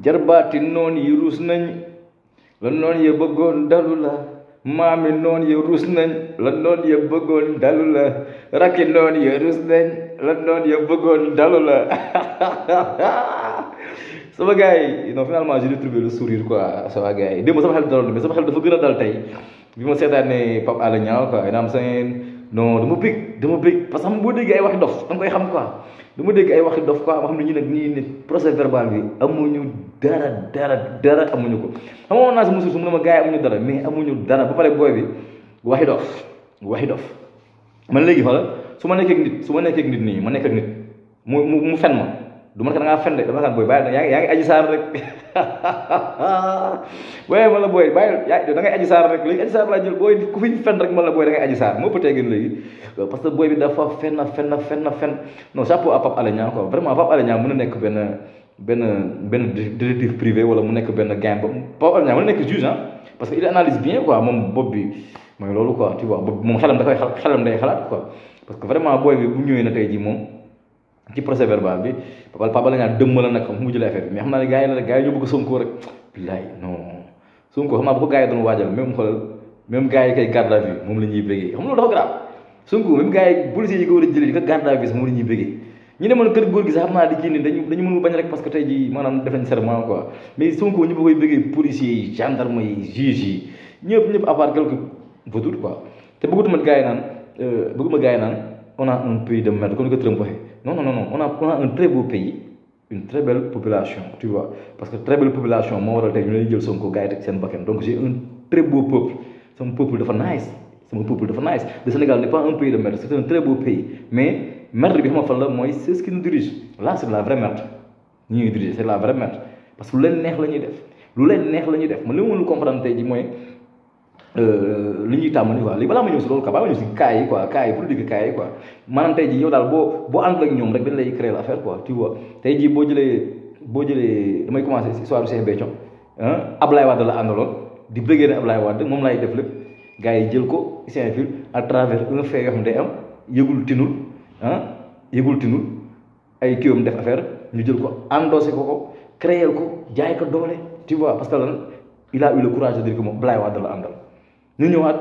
jarbaati noon yi ruus nañ la noon ya bëggoon dalu la maami noon ya ruus nañ la noon ya bëggoon dalu la rakki noon ya ruus nañ la noon ya bëggoon dalu la sama gars yi non finalement j'ai retrouvé le sourire quoi sama gars yi démb sama xel daloon dafa gën a dal tey bi ma seetaanee Pape Alé Niang quoi naam seen non dama bëgg dama bëgg parce que xam boo dégg ay waxi dof da koy xam quoi dama dégg ay waxi dof quoi ma xam ne ñu nag ñii ne procès verbal bi amuñu dara dara dara amuñu ko xam nga nas musul mu ma gaay amuñu dara mais amuñu dara ba pare boy bi waxi dof waxi dof man legi xoolal su ma nekkee nit suma ma nekkee nit ni ma nekk ak nit mu mu mu fen ma duma ma nga ko da fen de dama ka boy baye yaa ngi aji sar rek way ma boy baye ya da nga aji sar rek li aji sar la jël boy ku fiñ fen rek ma boy da nga aji sar mo pëtee gën legi parce que boy bi dafa fen na fen na fen na fen non chapeau à Pape Alé Niang quoi vraiment Pape Alé mu nekk ben benn benn détective privé wala mu nekk benn gain ba Pape Alé Niang mën na nekk juge ah parce que il analyse bien quoi moom bopp bi bu ñëwee na tey moom ci procès verbal bi Pape Alé Niang dëmm la nag xam nga loolu dafa grave Sonko même gars yi policiers yi ko war a jëlee di ko garde à vue moom la ñuy bëggee ñu demoon kër góor gi sax xam di kii ni dañu dañu bañ rek parce que tey ji maanaam defañ serment quoi mais Sonko ñu koy bëggee policiers yi gendarme yi juge yi ñëpp ñëpp à part euh, a un ko Trump waxee non non non on a on a un très beau pays une très belle population tu parce que très belle population moo waral tey ñu leen jël Sonko gars yi teg seen bakkan donc j'ai un très peuple sama peuple dafa nice sama peuple dafa nice le Sénégal merde bi xam fan la mooy c'est ce qui dirige là c'est la vraie merde ñi ñuy diriger c'est la vraie merde parce que lu leen neex la ñuy def lu leen neex la ñuy def man li ma mën a comprendre tey jii mooy euh, li ñuy tàmm ni quoi li balaa ma ñëw si loolu ma ñëw si cas yi quoi cas yi pour digg cas yi quoi maanaam tey jii yow daal boo boo ànd ak ñoom rek dañ lay créer l'affaire quoi tu vois tey jii boo jëlee boo jëlee damay commencer si histoire du Cheikh Béthio lay Wade la àndaloon di bëggee ne Ablaye Wade moom laay def lépp gars yi jël ko Saint-Fil à travers un fait yoo xam day am yëgul tinul ah yëgul tinu ay kiiwam def affaire ñu jël ko andosé ko ko créer ko jaay ko doole tu vois parce que lan il a eu le courage de dire que mo blay wa dal andal ñu ñëwaat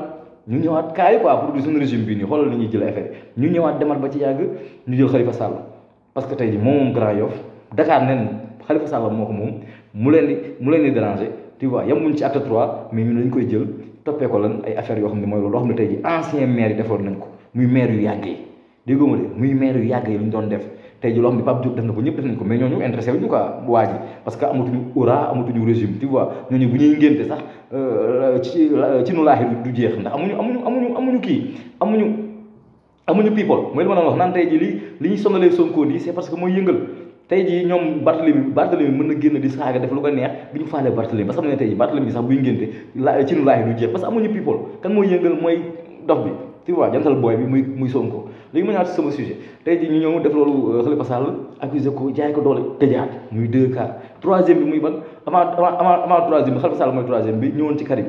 ñu ñëwaat kay quoi pour du suñu régime bi ni xolal ni ñi jël affaire ñu ñëwaat demal ba ci yàgg ñu jël Khalifa Sall parce que tay jii mom Grand yof Dakar nen Khalifa Sall moko mom mu len mu len déranger tu vois yemuñ ci acte 3 mais ñu lañ koy jël topé ko lan ay affaire yo xamni moy lo xamni tay xam ancien maire yi defoon nañ ko muy maire yu yàggee déggoo ma de muy maire yu yàgg yi lu ñu doon def tey ji loo xam ne Pape Diop def na ko ñëpp def nañ ko mais ñooñu intéressé wuñu quoi waa ji parce que amatuñu aura bu ñuy ngénte sax euh, ci ci nu laaxi du kii amuñu amuñu people mooy li ma wax naan tey ji li li ñuy sonalee Sonko yi c'est que mooy yëngal tey jii ñoom Barthélemy Barthélemy mën na di saaga ko neex bi ñu faale Barthélemy parce que ne tey ji amuñu people kan mooy yëngal mooy dof bi tu vois jantal booy bi muy muy Sonko léegi ma ñëwaat sama sujet tey jii ñu ñëw def loolu euh, Khalifa Sall accusé ko jaay ko doole tëjaat muy deux cas bi muy ban avant avant avant troisième bi Khalifa Sall mooy troisième bi ñëwoon ci Karim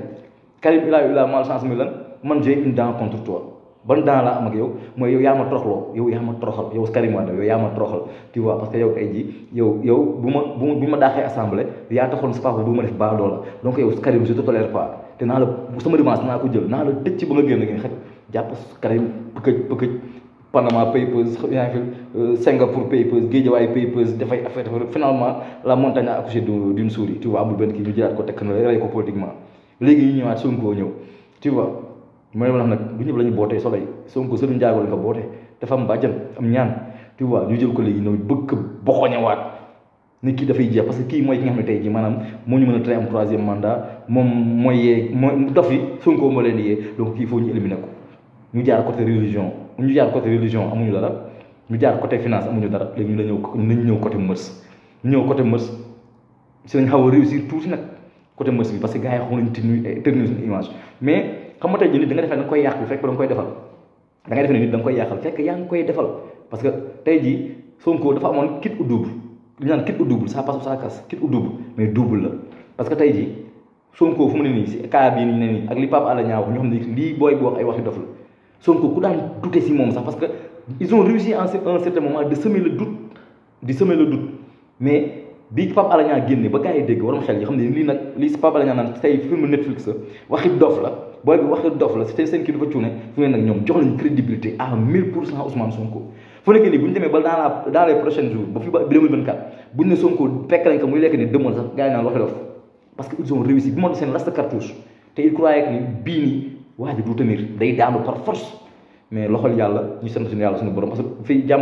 Karim il a eu la muy lan man j'ai une contre toi ban dent laa am ak mooy yaa ma toroxloo yow yaa ma toroxal yow Karim Wade yow yaa ma toroxal tu vois parce que yow tey jii yow yow bu ma bu bu ma daaxee assemblée yaa taxoon sa papa bu ma jàpp Karim pëkëj pëkëj Panama Papers yaa euh, ngi fi euh, Singapour Papers Guédiawaye Papers dafay affaire finalement la montagne a accouché d'une souris tu vois amul benn kii ñu jëlaat ko tekk na rey ko politiquement léegi ñu ñëwaat Sonko ñëw du ñëpp la ñu boote soleil Sonko sënu njaago la nga bootee dafa am bàjjan am ñaan tu vois ñu jël ko léegi ñëw bëgg boxoñewaat ni kii dafay jeex parce que kii mooy ki nga xam ne tey jii maanaam moo ñu mën a traiter am troisième mandat moom mooy yee mooy dof yi Sonko moo leen yee donc kii foo ñu éliminer ko ñu jaar côté religion ñu jaar côté religion amuñu dara ñu jaar côté finance amuñu dara léegi ñu la ñëw nañu ñëw côté mœurs ñu ñëw côté mœurs si lañ xaw a réussir tuuti nag coté mœurs bi parce que gars yi xaw nañ tenu eh, technique suñu image mais xam nga tey koy yàq bi fekk da nga koy defal da nga defee nit da koy yàqal fekk yaa ngi koy defal parce que tey ji Sonko dafa amoon kit u double li naan kit u double ça passe ou ça casse kit u double mais duub la parce que tey jii Sonko fu mu ne nii ne nii ak li Pape Alé booy bi wax ay Sonko ku daan douter si moom sax parce que ils ont réussi à un certain moment de semer le doute De semer le doute mais Big Pape Alé Niang génne ba gars yi dégg waram xel yi xam ne lii nag lii si Pape Alé Niang naan film Netflix waxi dof la booy bi waxi dof la tey seen kii dafa cuune fu ne nag ñoom jox lañ crédibilité à 1000 Ousmane Sonko. fu nekkee nii bu ñu ba dans la dans les prochains jours ba fii ba 2024 bu ñu ne Sonko fekk nañ ko muy lekk ni demoon sax gars yi naan waxi dof parce que ils ont réussi bi moo seen last cartouche te ils croyaient que ni bii nii. waa ji du tamit day daanu par force mais loxol yàlla ñu sant tamit di di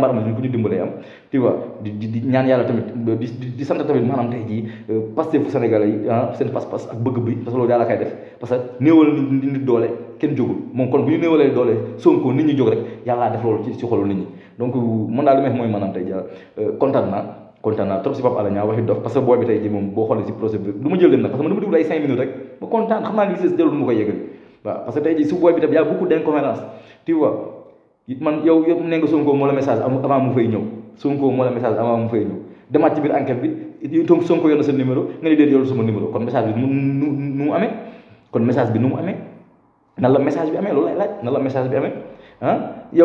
euh, tamit maanaam tey jii euh, passé fu Sénégalais yi ah, seen pas-pas ak bëgg bi parce que loolu yàlla def loolu ci ci xolu nit ñi donc man daal li may mooy maanaam tey jii euh, kontaan naa trop si Pape Alé Niang dof parce que booy bi tey moom boo xoolee si projet bi jël leen nag parce man du ma ay cinq minutes rek ba kontaan xam naa ne li si jëlul ma koy yëgal waaw parce que tey jii su booy bi tam y' a beaucoup d'incohérence tu vois man yow yow nee nga Sonko moo la message avant mu fay ñëw Sonko moo la message avant mu fay ñëw demaat ci biir enquête bi Sonko sa numéro sama numéro kon message bi nu mu kon message bi nu mu amee nan la message bi amee loolu lay laaj la message bi amee ah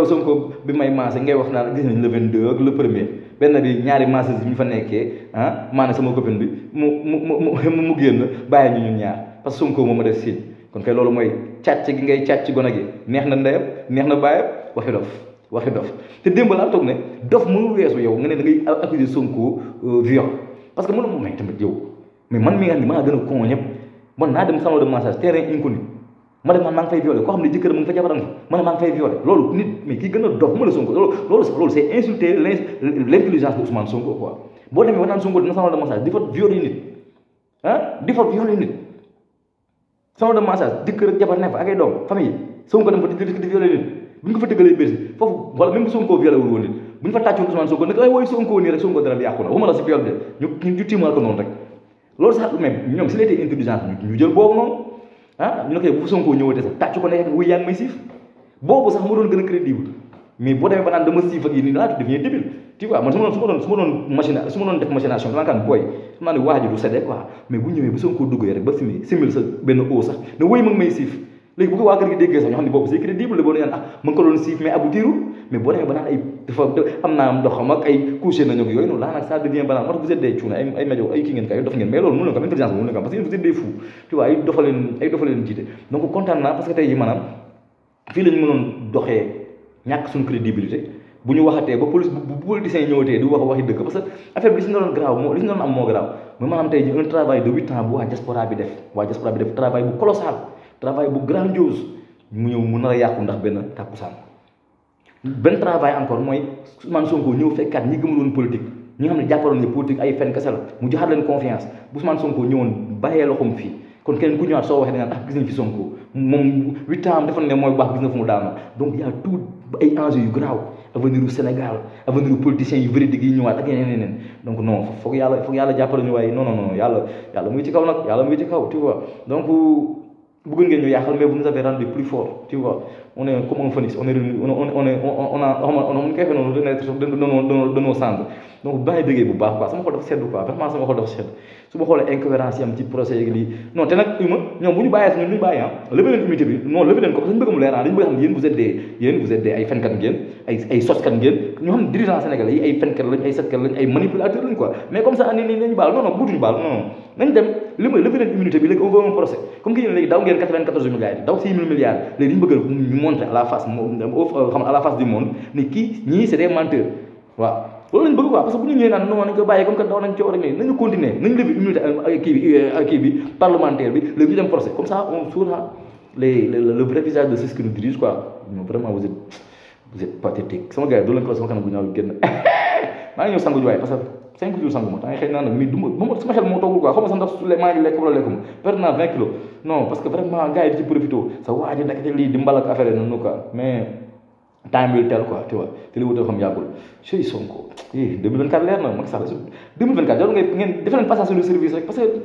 Sonko bi may maase ngay wax naan gis nañ le 22 ak le premier benn bi ñaari maase yi ñu fa nekkee ah maanaam sama copine bi mu mu mu mu génn bàyyi ñu ñun ñaar parce que Sonko moo ma def signe. kon kay loolu mooy càcc gi ngay càcc gone gi neex na ndeyam neex na baayam waxi dof waxi dof te démb laa toog ne dof mënul weesu yow nga ne da ngay accuser Sonko euh, viol parce que mënul may tamit yow mais man mi nga xam ne maa gën a con ñëpp man naa dem salon de massage terrain inconnu ma dem man maa ngi fay violé koo xam ne ne maa ngi fay violé loolu nit mais kii gën a dof ma Sonko loolu loolu loolu c'est insulter l'intelligence de Sonko quoi boo demee ba naan Sonko dina salon de massage di fa violé nit ah salon de massage jëkkër ak jabar ne fa ak ay doom famille Sonko dem fa di di violé nit bu bu Sonko fa tàccoon Ousmane nii rek Sonko dara bi yàqu na de ñu ñu tiimal ko noonu rek loolu intelligence ñu jël boobu noonu ah ñu ne koy bu Sonko ñëwatee sax tàcc ko nekk wuy yaa may siif boobu sax moo doon gën a crédible mais boo demee ba naan dama siif ak yi nii là tu deviens débile tu vois man su ma doon su ma doon machine su ma doon def machination danaa kaan booy xam naa ne waa ji du sedde quoi mais bu ñëwee ba soo ko duggee rek ba simi simil sa benn o sax ne wéy ma ngi may siif léegi bu ko waa kër gi déggee sax ñoo xam ne boobu c'est crédible la boo nee ah ma ngi ko doon siif mais abu tiiru mais boo demee ba naan ay dafa am naa am ndoxam ak ay couché nañu ak yooyu noonu laa nag ça devient banal moo tax vous êtes des cuune ay ay médio ay kii ngeen kay dof ngeen mais loolu mënu leen ko am intelligence mënu leen ko am parce que vous êtes des fous tu vois ay dofa leen ay dofa leen jiite donc kontaan naa parce que tey ji maanaam fii lañ mënoon doxee ñàkk suñu crédibilité bu ñu waxatee ba police bu politicien ñëwatee di wax waxi dëgg parce que affaire bi li si doon grave moo li si doon am moo grave mais maanaam de huit ans bu waa diaspora bi def waa diaspora bi def travail bu colossal travail bu grandiose mu ñëw mu nar a yàqu ndax benn tàkkusaan benn travail encore mooy Ousmane Sonko ñëw fekkaat ñi gëmul woon politique ñi nga xam ne jàpparoon ne politique ay fen kese mu joxaat leen confiance bu Ousmane Sonko ñëwoon bàyyee loxoom fii kon keneen ku ñëwaat soo waxee da nga ah gis nañ fi Sonko moom huit ans defoon mooy baax gis na fu mu daanoo donc y' a tout ay enjeux yu Sénégal avenir u politiciens yu véridique yi ñëwaat ak yeneen yeneen donc non foog yàlla foog yàlla jàppale ñu waaye non non non yàlla yàlla muy ci kaw nag yàlla muy ci kaw tu vois donc bëggoon ngeen ñu yàqal mais vous nous avez rendu plus fort tu vois on est comme un phénix on est on on on a on koy waxee noonu renaître de de nos cendres donc bàyyi bëggee bu baax quoi sama xol dafa sedd quoi vraiment sama xol dafa sedd su ma xoolee incohérence yi am ci procès yeeg lii non te nag uma ñoom bu ñu bàyyee si ñun ñu bàyyi ah levé leen immunité bi non levé leen ko parce que ñu bëgg mu leer ah dañu bëgg xam ne yéen vous êtes des yéen vous êtes des ay fenkat ngeen ay ay soskat ngeen ñoo xam ne dirigeant sénégalais yi ay fenkat lañ ay setkat lañ ay manipulateurs lañ quoi mais comme ça ni ni nañu baal non non buutuñu baal non nañ dem li ma levé leen immunité bi léegi on veut un procès comme que yéen léegi daw ngeen 94 milliards daw 6 000 milliards léegi ñu bëgg montrer kii ñii c'est des menteurs waaw loolu lañ bëgg quoi parce que bu ñu ñëwee naan non nañ ko bàyyi comme que daw nañ coow rek nañu continuer nañu lever immunité euh, kii bi euh, kii bi parlementaire bi léegi ñu dem procès comme ça on saura les le vrai visage de ceux qui nous dirigent quoi non vraiment vous êtes vous pathétique sama gars yi doo leen ko sama kanam bu ñaaw génn maa ngi ñëw sangu waaye parce que cinq jours sanguma da ngay xëy naa nag mii du ma ma xel moo toogul quoi xaw ma sax ndax su maa ngi lekk wala lekkuma perte naa vingt kilos non parce que vraiment gars yi di ci profité sa waa ji lii di mbalak affaire yi noonu quoi mais time will tell quoi tu vois te li wutoo xam yàggul sey Sonko eh 2024 leer na Macky Sall 2024 jarul ngeen ngeen def leen passation de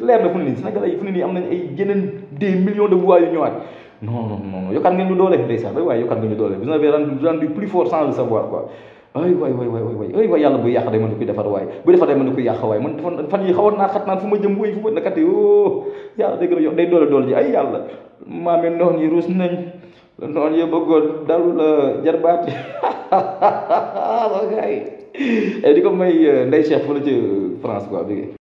leer na fu ne nii Sénégalais yi fu ne nii am nañ ay yeneen des millions de voix rek waaye yokkaat ngeen ñu doole vous ay waay waay waay waay ay waay yàlla buy yàq day mën na koy defar waay buy defar day mën na koy yàq waay fan yi xawoon naa xat naan fu ma jëm wéy fu ma nakati o yàlla dégg la day doole doole ji ay yàlla maame noon yi ruus nañ noonu yo bëggoon dalu la jarbaati sa gars yi eh, di ko may eh, nday Cheikh fu la ci France quoi bi